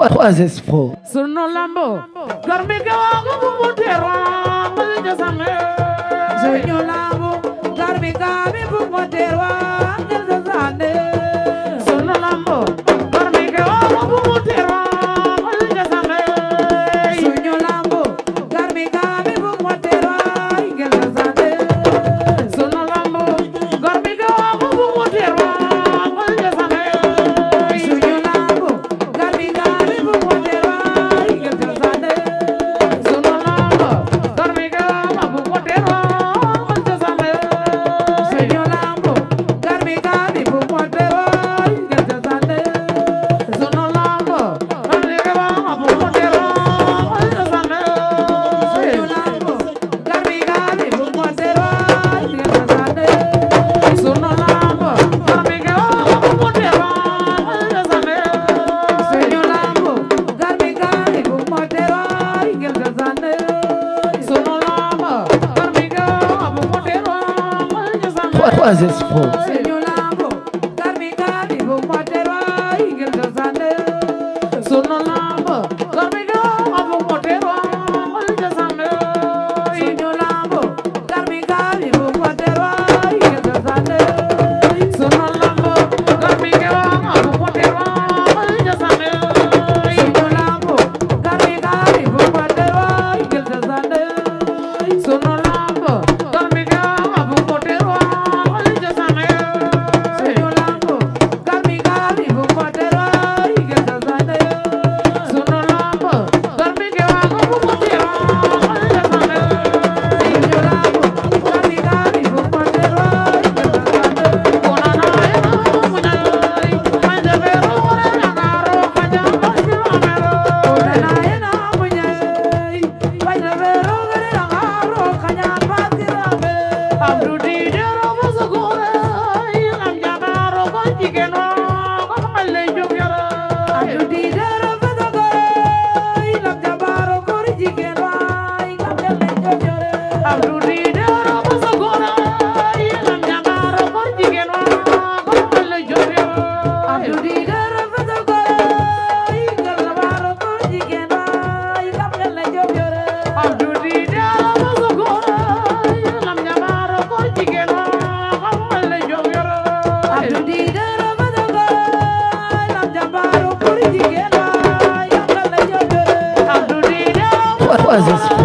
trois espoirs sunu lambo kor mi gawangu bu mu terwa mbali jasame sunu lambo kor mi gawangu bu mu terwa bases fo sunu lamb Aziz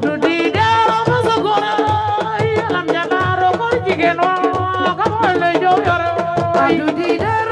do dee da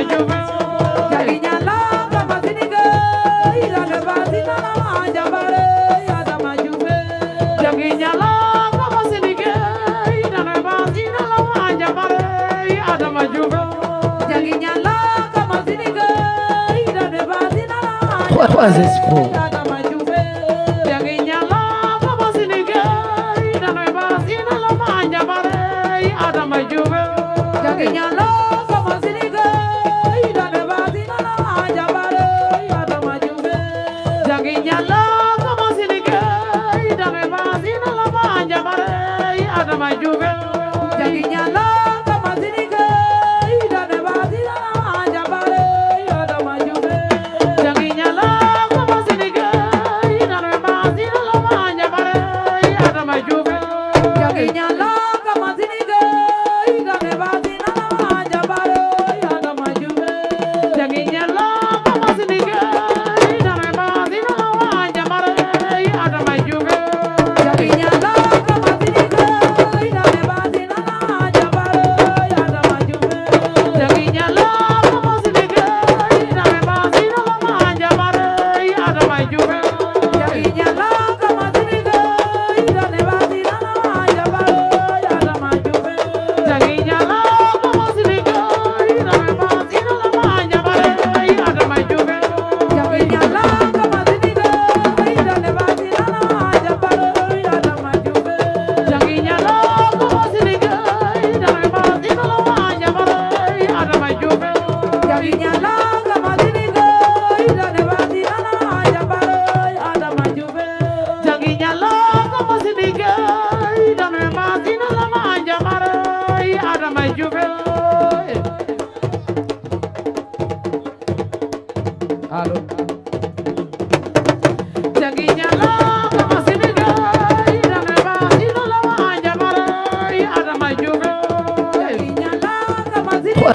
a Quase esse povo.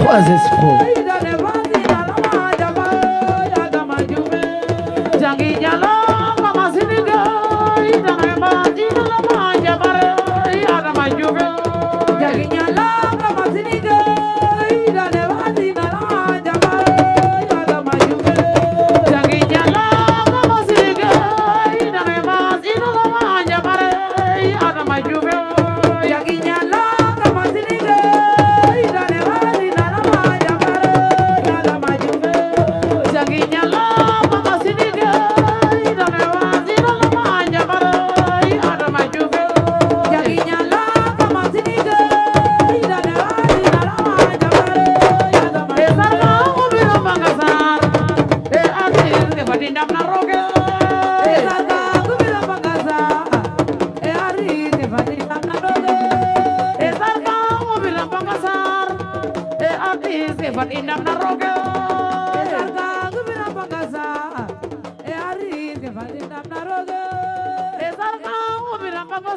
Quase esse povo. Yàlla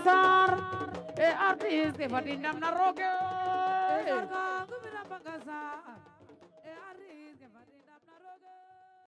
Sarr e artiste Fati ndam na roog